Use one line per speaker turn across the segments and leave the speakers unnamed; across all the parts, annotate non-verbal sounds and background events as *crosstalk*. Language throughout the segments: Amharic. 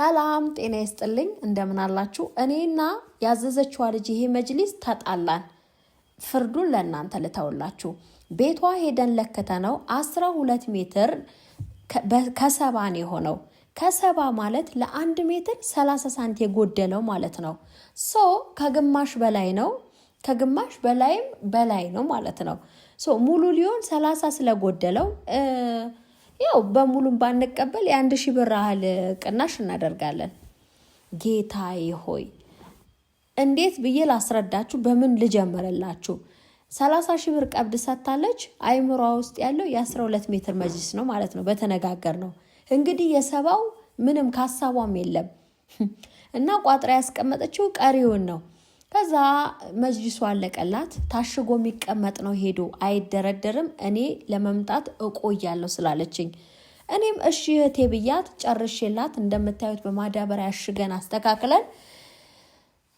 ሰላም ጤና ይስጥልኝ፣ እንደምን አላችሁ? እኔና ያዘዘችዋ ልጅ ይሄ መጅሊስ ተጣላን፣ ፍርዱን ለእናንተ ልተውላችሁ። ቤቷ ሄደን ለከተ ነው አስራ ሁለት ሜትር ከሰባን የሆነው። ከሰባ ማለት ለአንድ ሜትር ሰላሳ ሳንቲ የጎደለው ማለት ነው። ሶ ከግማሽ በላይ ነው፣ ከግማሽ በላይም በላይ ነው ማለት ነው። ሶ ሙሉ ሊሆን ሰላሳ ስለጎደለው ያው በሙሉም ባንቀበል የአንድ ሺህ ብር ያህል ቅናሽ እናደርጋለን። ጌታዬ ሆይ እንዴት ብዬ ላስረዳችሁ? በምን ልጀምርላችሁ? ሰላሳ ሺህ ብር ቀብድ ሰጥታለች። አይምሯ ውስጥ ያለው የአስራ ሁለት ሜትር መጅልስ ነው ማለት ነው። በተነጋገር ነው እንግዲህ የሰባው ምንም ካሳቧም የለም *laughs* እና ቋጥራ ያስቀመጠችው ቀሪውን ነው። ከዛ መጅሊሱ አለቀላት። ታሽጎ የሚቀመጥ ነው ሄዶ አይደረደርም። እኔ ለመምጣት እቆያለሁ ስላለችኝ እኔም እሺ እህቴ ብያት ጨርሼላት፣ እንደምታዩት በማዳበሪያ አሽገን አስተካክለን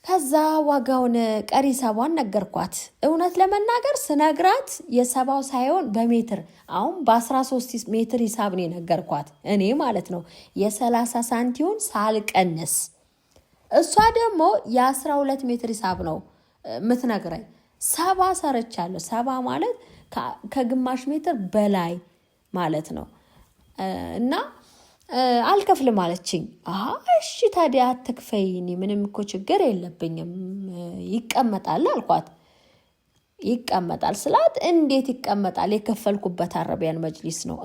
ከዛ ዋጋውን ቀሪ ሰባን ነገርኳት። እውነት ለመናገር ስነግራት የሰባው ሳይሆን በሜትር አሁን በ13 ሜትር ሂሳብ ነው የነገርኳት እኔ ማለት ነው የሰላሳ ሳንቲውን ሳልቀንስ እሷ ደግሞ የአስራ ሁለት ሜትር ሂሳብ ነው ምትነግረኝ። ሰባ ሰርቻለሁ። ሰባ ማለት ከግማሽ ሜትር በላይ ማለት ነው። እና አልከፍልም አለችኝ። እሺ ታዲያ አትክፈይኝ፣ ምንም እኮ ችግር የለብኝም ይቀመጣል አልኳት። ይቀመጣል ስላት እንዴት ይቀመጣል? የከፈልኩበት አረቢያን መጅሊስ ነው።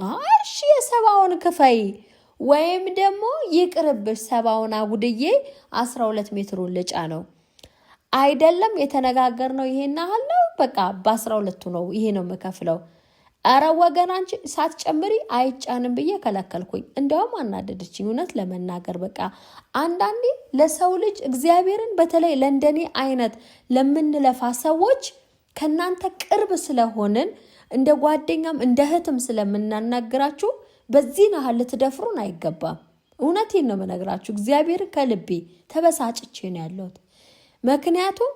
እሺ የሰባውን ክፈይ ወይም ደግሞ ይቅርብሽ፣ ሰባውን አጉድዬ አስራ ሁለት ሜትሩን ልጫ ነው አይደለም የተነጋገር ነው። ይሄን ያህል ነው በቃ በአስራ ሁለቱ ነው ይሄ ነው የምከፍለው። እረ ወገን አንቺ ሳትጨምሪ አይጫንም ብዬ ከለከልኩኝ። እንዲያውም አናደደችኝ እውነት ለመናገር በቃ አንዳንዴ ለሰው ልጅ እግዚአብሔርን በተለይ ለእንደኔ አይነት ለምንለፋ ሰዎች ከእናንተ ቅርብ ስለሆንን እንደ ጓደኛም እንደ እህትም ስለምናናግራችሁ በዚህን ያህል ልትደፍሩን አይገባም። እውነቴን ነው የምነግራችሁ። እግዚአብሔር ከልቤ ተበሳጭቼ ነው ያለሁት። ምክንያቱም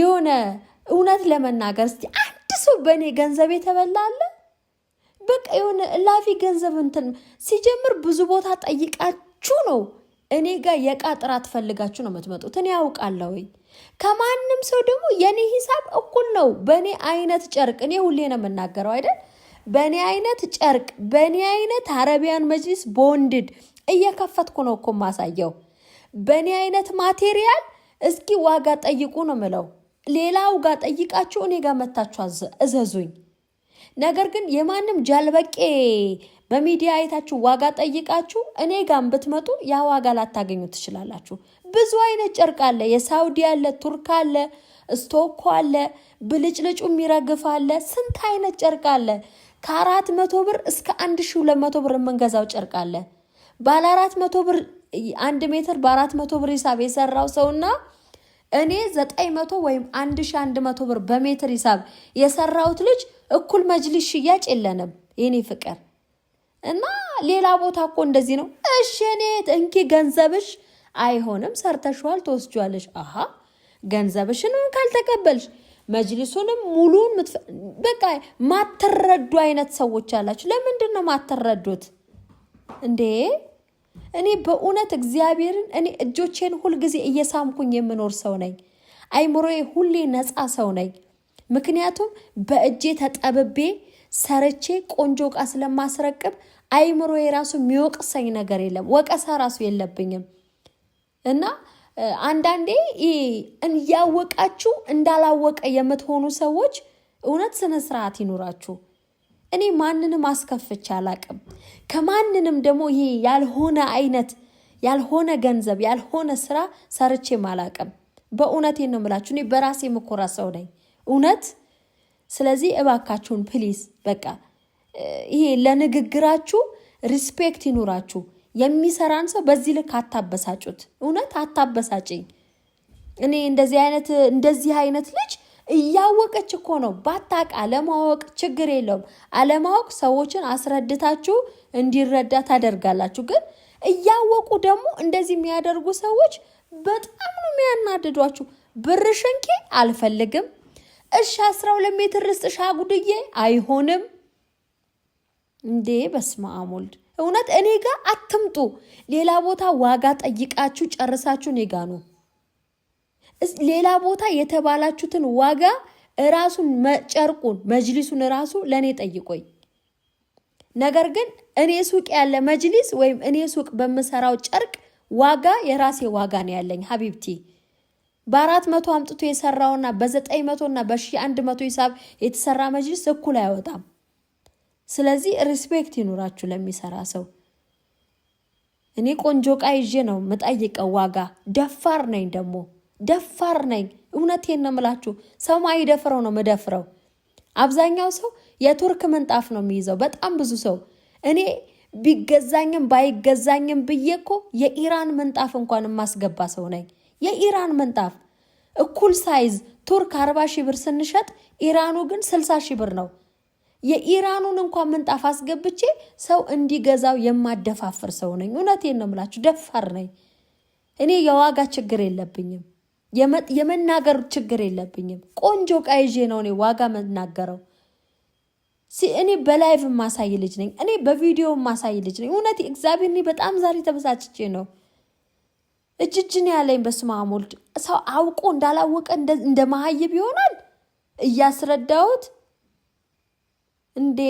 የሆነ እውነት ለመናገር እስኪ አንድ ሰው በእኔ ገንዘብ የተበላለ በቃ የሆነ እላፊ ገንዘብ እንትን ሲጀምር ብዙ ቦታ ጠይቃችሁ ነው እኔ ጋር የእቃ ጥራት ፈልጋችሁ ነው የምትመጡት። እኔ ያውቃለሁ። ከማንም ሰው ደግሞ የእኔ ሂሳብ እኩል ነው። በእኔ አይነት ጨርቅ እኔ ሁሌ ነው የምናገረው አይደል በእኔ አይነት ጨርቅ፣ በእኔ አይነት አረቢያን መጅሊስ ቦንድድ እየከፈትኩ ነው እኮ ማሳየው። በእኔ አይነት ማቴሪያል እስኪ ዋጋ ጠይቁ ነው ምለው። ሌላው ጋር ጠይቃችሁ እኔ ጋር መታችሁ እዘዙኝ። ነገር ግን የማንም ጃልበቄ በሚዲያ አይታችሁ ዋጋ ጠይቃችሁ እኔ ጋር ብትመጡ ያ ዋጋ ላታገኙ ትችላላችሁ። ብዙ አይነት ጨርቅ አለ። የሳውዲ አለ፣ ቱርክ አለ፣ ስቶኮ አለ፣ ብልጭልጩ የሚረግፍ አለ። ስንት አይነት ጨርቅ አለ። ከአራት መቶ ብር እስከ አንድ ሺ ሁለት መቶ ብር የምንገዛው ጨርቅ አለ። ባለ አራት መቶ ብር አንድ ሜትር በአራት መቶ ብር ሂሳብ የሰራው ሰውና እኔ ዘጠኝ መቶ ወይም አንድ ሺ አንድ መቶ ብር በሜትር ሂሳብ የሰራሁት ልጅ እኩል መጅሊስ ሽያጭ የለንም የኔ ፍቅር እና ሌላ ቦታ እኮ እንደዚህ ነው። እሺ እኔ እንኪ ገንዘብሽ አይሆንም ሰርተሽዋል፣ ትወስጇለሽ። አሀ ገንዘብሽንም ካልተቀበልሽ መጅሊሱንም ሙሉን በቃ ማትረዱ አይነት ሰዎች አላችሁ። ለምንድን ነው ማትረዱት እንዴ? እኔ በእውነት እግዚአብሔርን እኔ እጆቼን ሁልጊዜ እየሳምኩኝ የምኖር ሰው ነኝ። አይምሮዬ ሁሌ ነፃ ሰው ነኝ። ምክንያቱም በእጄ ተጠብቤ ሰርቼ ቆንጆ እቃ ስለማስረቅብ አይምሮዬ ራሱ የሚወቅሰኝ ነገር የለም። ወቀሳ ራሱ የለብኝም እና አንዳንዴ እያወቃችሁ እንዳላወቀ የምትሆኑ ሰዎች እውነት ስነ ስርዓት ይኑራችሁ። እኔ ማንንም አስከፍቼ አላቅም። ከማንንም ደግሞ ይሄ ያልሆነ አይነት ያልሆነ ገንዘብ ያልሆነ ስራ ሰርቼም አላቅም። በእውነቴ ነው የምላችሁ። እኔ በራሴ የምኮራ ሰው ነኝ እውነት። ስለዚህ እባካችሁን ፕሊዝ፣ በቃ ይሄ ለንግግራችሁ ሪስፔክት ይኑራችሁ። የሚሰራን ሰው በዚህ ልክ አታበሳጩት። እውነት አታበሳጭኝ። እኔ እንደዚህ አይነት እንደዚህ አይነት ልጅ እያወቀች እኮ ነው። ባታቅ አለማወቅ ችግር የለውም። አለማወቅ ሰዎችን አስረድታችሁ እንዲረዳ ታደርጋላችሁ። ግን እያወቁ ደግሞ እንደዚህ የሚያደርጉ ሰዎች በጣም ነው የሚያናድዷችሁ። ብር ሽንኬ አልፈልግም። እሺ አስራ ሁለት ሜትር ርስጥሻ ጉድዬ አይሆንም እንዴ! በስመ አብ ወልድ እውነት እኔ ጋር አትምጡ። ሌላ ቦታ ዋጋ ጠይቃችሁ ጨርሳችሁ እኔ ጋ ነው። ሌላ ቦታ የተባላችሁትን ዋጋ እራሱን ጨርቁን መጅሊሱን እራሱ ለእኔ ጠይቆኝ። ነገር ግን እኔ ሱቅ ያለ መጅሊስ ወይም እኔ ሱቅ በምሰራው ጨርቅ ዋጋ የራሴ ዋጋ ነው ያለኝ። ሀቢብቲ በአራት መቶ አምጥቶ የሰራውና በዘጠኝ መቶና በሺህ አንድ መቶ ሂሳብ የተሰራ መጅሊስ እኩል አይወጣም። ስለዚህ ሪስፔክት ይኑራችሁ ለሚሰራ ሰው። እኔ ቆንጆ ዕቃ ይዤ ነው የምጠይቀው ዋጋ። ደፋር ነኝ ደግሞ ደፋር ነኝ። እውነቴን ነው የምላችሁ። ሰው ማይደፍረው ነው የምደፍረው። አብዛኛው ሰው የቱርክ ምንጣፍ ነው የሚይዘው፣ በጣም ብዙ ሰው። እኔ ቢገዛኝም ባይገዛኝም ብዬ እኮ የኢራን ምንጣፍ እንኳን የማስገባ ሰው ነኝ። የኢራን ምንጣፍ እኩል ሳይዝ ቱርክ አርባ ሺህ ብር ስንሸጥ ኢራኑ ግን ስልሳ ሺህ ብር ነው። የኢራኑን እንኳን ምንጣፍ አስገብቼ ሰው እንዲገዛው የማደፋፍር ሰው ነኝ። እውነቴን ነው የምላችሁ፣ ደፋር ነኝ። እኔ የዋጋ ችግር የለብኝም፣ የመናገር ችግር የለብኝም። ቆንጆ ዕቃ ይዤ ነው እኔ ዋጋ መናገረው። እኔ በላይቭ ማሳይ ልጅ ነኝ። እኔ በቪዲዮ ማሳይ ልጅ ነኝ። እውነት እግዚአብሔር እኔ በጣም ዛሬ ተበሳጭቼ ነው እጅጅን ያለኝ። በስመ አብ ወልድ ሰው አውቆ እንዳላወቀ እንደ መሀይብ ይሆናል እያስረዳሁት እንዴ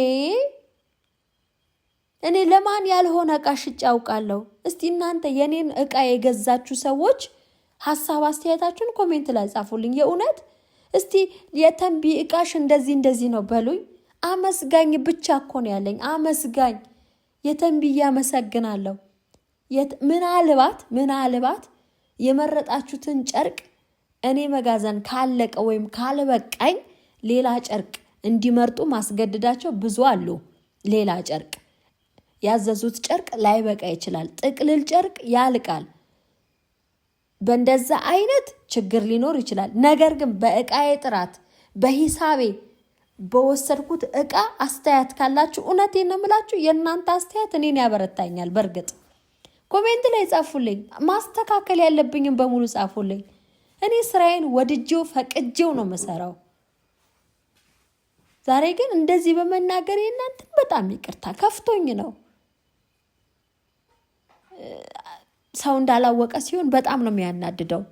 እኔ ለማን ያልሆነ እቃ ሽጭ ያውቃለሁ? እስቲ እናንተ የኔን እቃ የገዛችሁ ሰዎች ሀሳብ አስተያየታችሁን ኮሜንት ላይ ጻፉልኝ። የእውነት እስቲ የተንቢ እቃሽ እንደዚህ እንደዚህ ነው በሉኝ። አመስጋኝ ብቻ እኮ ነው ያለኝ አመስጋኝ። የተንቢ እያመሰግናለሁ። ምናልባት ምናልባት የመረጣችሁትን ጨርቅ እኔ መጋዘን ካለቀ ወይም ካልበቃኝ ሌላ ጨርቅ እንዲመርጡ ማስገድዳቸው ብዙ አሉ። ሌላ ጨርቅ ያዘዙት ጨርቅ ላይበቃ ይችላል። ጥቅልል ጨርቅ ያልቃል። በእንደዛ አይነት ችግር ሊኖር ይችላል። ነገር ግን በእቃዬ ጥራት፣ በሂሳቤ፣ በወሰድኩት እቃ አስተያየት ካላችሁ እውነቴን ነው የምላችሁ፣ የእናንተ አስተያየት እኔን ያበረታኛል። በእርግጥ ኮሜንት ላይ ጻፉልኝ፣ ማስተካከል ያለብኝም በሙሉ ጻፉልኝ። እኔ ስራዬን ወድጄው ፈቅጄው ነው የምሰራው። ዛሬ ግን እንደዚህ በመናገር የእናንተን በጣም ይቅርታ ከፍቶኝ ነው። ሰው እንዳላወቀ ሲሆን በጣም ነው የሚያናድደው።